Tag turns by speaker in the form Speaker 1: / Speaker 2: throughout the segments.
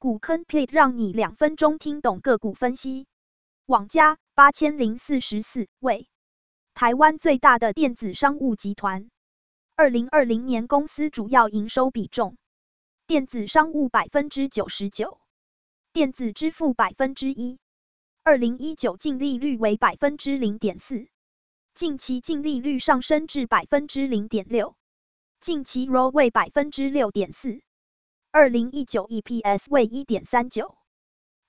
Speaker 1: 股坑 Pit 讓你兩分鐘聽懂個股分析。網家八千零四十四為，台灣最大的電子商務集團。二零二零年公司主要營收比重，電子商務百分之九十九，電子支付百分之一。二零一九淨利率為百分之零點四，近期淨利率上升至百分之零點六，近期 ROE 為百分之六點四。二零一九 EPS 為一點三九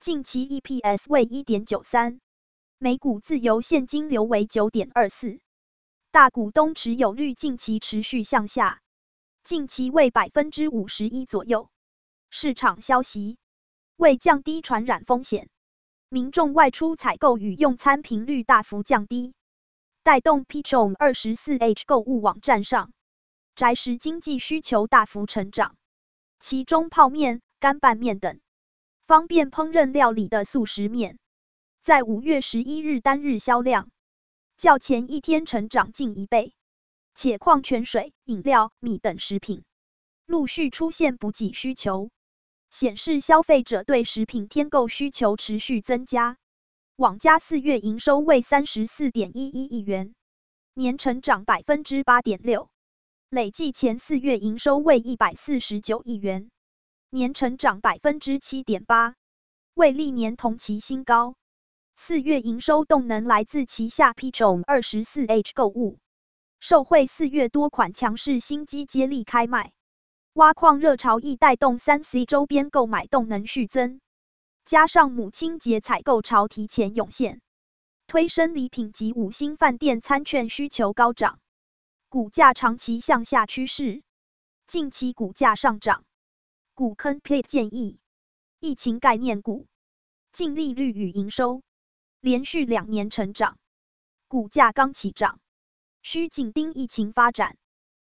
Speaker 1: ，e、39，近期 EPS 為一點九三，每股自由現金流為九點二四。大股東持有率近期持續向下，近期為百分之五十一左右。市場消息，為降低傳染風險，民眾外出採購與用餐頻率大幅降低，帶動 PChome 二十四 H 購物網站上宅時經濟需求大幅成長。其中，泡麵、乾拌麵等方便烹飪料理的速食麵，在五月十一日單日銷量較前一天成長近一倍，且礦泉水、飲料、米等食品陸續出現補給需求，顯示消費者對食品添購需求持續增加。網家四月營收為三十四點一一億元，年成長百分之八點六。累計前四月營收為一百四十九億元，年成長百分之七點八，為歷年同期新高。四月營收動能來自旗下 PChome 二十四 H 購物，受惠四月多款強勢新機接力開賣，挖礦熱潮亦帶動三 C 週邊購買動能續增，加上母親節採購潮提前湧現，推升禮品及五星飯店餐券需求高漲。股價長期向下趨勢，近期股價上漲。股坑 pit 建議，疫情概念股，淨利率與營收連續兩年成長，股價剛起漲，需緊盯疫情發展。